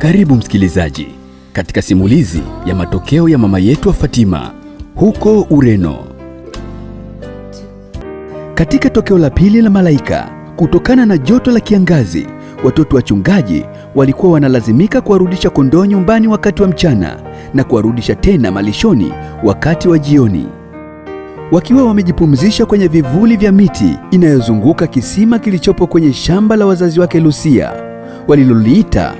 Karibu msikilizaji katika simulizi ya matokeo ya mama yetu wa Fatima huko Ureno. Katika tokeo la pili la malaika, kutokana na joto la kiangazi, watoto wachungaji walikuwa wanalazimika kuwarudisha kondoo nyumbani wakati wa mchana na kuwarudisha tena malishoni wakati wa jioni. Wakiwa wamejipumzisha kwenye vivuli vya miti inayozunguka kisima kilichopo kwenye shamba la wazazi wake Lucia waliloliita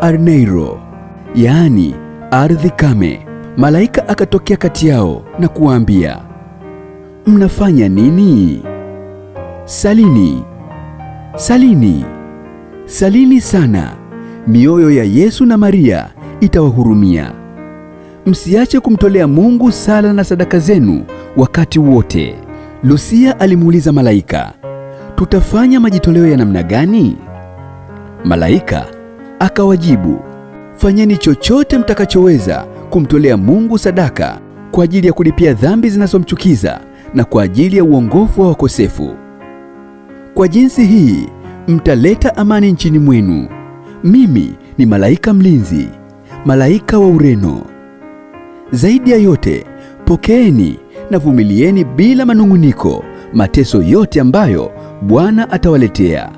Arneiro, yaani ardhi kame. Malaika akatokea kati yao na kuwaambia, mnafanya nini? Salini, salini, salini sana. Mioyo ya Yesu na Maria itawahurumia. Msiache kumtolea Mungu sala na sadaka zenu wakati wote. Lusia alimuuliza malaika, tutafanya majitoleo ya namna gani? Malaika Akawajibu, fanyeni chochote mtakachoweza kumtolea Mungu sadaka kwa ajili ya kulipia dhambi zinazomchukiza na kwa ajili ya uongofu wa wakosefu. Kwa jinsi hii mtaleta amani nchini mwenu. Mimi ni malaika mlinzi, malaika wa Ureno. Zaidi ya yote, pokeeni na vumilieni bila manung'uniko mateso yote ambayo Bwana atawaletea.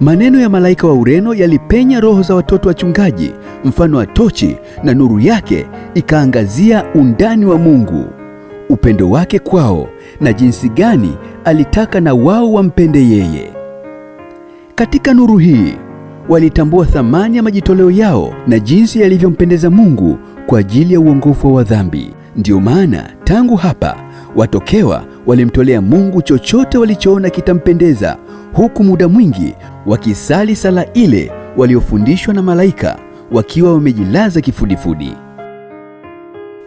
Maneno ya malaika wa Ureno yalipenya roho za watoto wachungaji, mfano wa tochi, na nuru yake ikaangazia undani wa Mungu, upendo wake kwao, na jinsi gani alitaka na wao wampende yeye. Katika nuru hii walitambua thamani ya majitoleo yao na jinsi yalivyompendeza Mungu kwa ajili ya uongofu wa dhambi. Ndiyo maana tangu hapa Watokewa walimtolea Mungu chochote walichoona kitampendeza, huku muda mwingi wakisali sala ile waliofundishwa na malaika, wakiwa wamejilaza kifudifudi.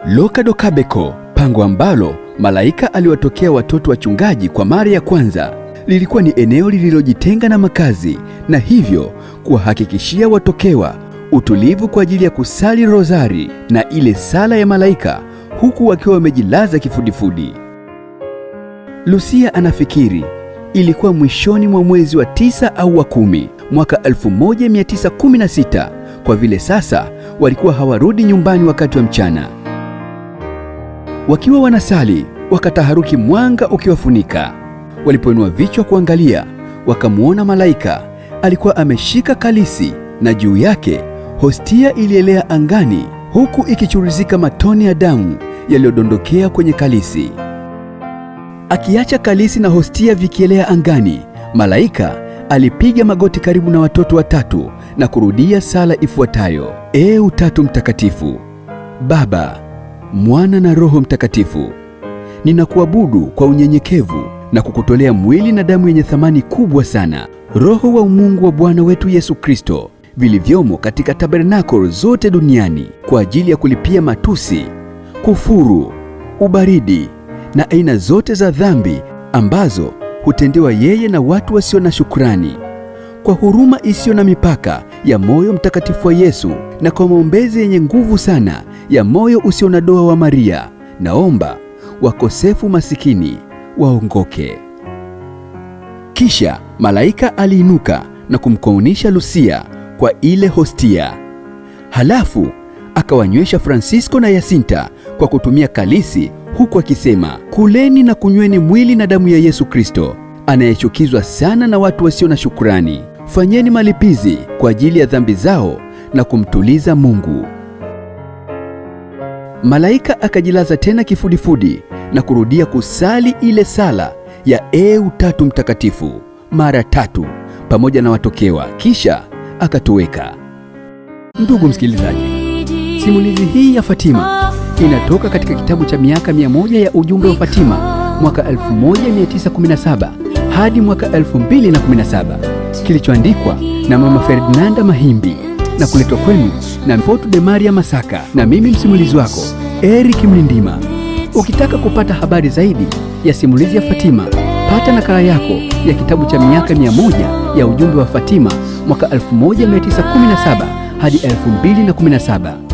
Lokadokabeko, pango ambalo malaika aliwatokea watoto wachungaji kwa mara ya kwanza, lilikuwa ni eneo lililojitenga na makazi na hivyo kuwahakikishia watokewa utulivu kwa ajili ya kusali rozari na ile sala ya malaika huku wakiwa wamejilaza kifudifudi. Lucia anafikiri ilikuwa mwishoni mwa mwezi wa tisa au wa kumi mwaka 1916 kwa vile sasa walikuwa hawarudi nyumbani wakati wa mchana. Wakiwa wanasali, wakataharuki mwanga ukiwafunika. Walipoinua vichwa kuangalia, wakamwona malaika. Alikuwa ameshika kalisi na juu yake hostia ilielea angani huku ikichuruzika matone ya damu yaliyodondokea kwenye kalisi. Akiacha kalisi na hostia vikielea angani, malaika alipiga magoti karibu na watoto watatu na kurudia sala ifuatayo: Ee Utatu Mtakatifu, Baba, Mwana na Roho Mtakatifu, ninakuabudu kwa unyenyekevu na kukutolea mwili na damu yenye thamani kubwa sana, Roho wa umungu wa Bwana wetu Yesu Kristo, vilivyomo katika tabernakulo zote duniani kwa ajili ya kulipia matusi, kufuru, ubaridi na aina zote za dhambi ambazo hutendewa yeye na watu wasio na shukrani. Kwa huruma isiyo na mipaka ya moyo mtakatifu wa Yesu na kwa maombezi yenye nguvu sana ya moyo usio na doa wa Maria, naomba wakosefu masikini waongoke. Kisha malaika aliinuka na kumkoonisha Lucia kwa ile hostia. Halafu akawanywesha Francisco na Yasinta kwa kutumia kalisi huku akisema, kuleni na kunyweni mwili na damu ya Yesu Kristo, anayechukizwa sana na watu wasio na shukurani. Fanyeni malipizi kwa ajili ya dhambi zao na kumtuliza Mungu. Malaika akajilaza tena kifudifudi na kurudia kusali ile sala ya Ee Utatu Mtakatifu mara tatu pamoja na watokewa, kisha akatoweka. Ndugu msikilizaji, simulizi hii ya Fatima inatoka katika kitabu cha miaka mia moja ya ujumbe wa Fatima mwaka 1917 hadi mwaka 2017 kilichoandikwa na Mama Ferdinanda Mahimbi na kuletwa kwenu na Mfotu de Maria Masaka na mimi msimulizi wako Eric Mlindima. Ukitaka kupata habari zaidi ya simulizi ya Fatima, pata nakala yako ya kitabu cha miaka mia moja ya ujumbe wa Fatima mwaka 1917 hadi 2017.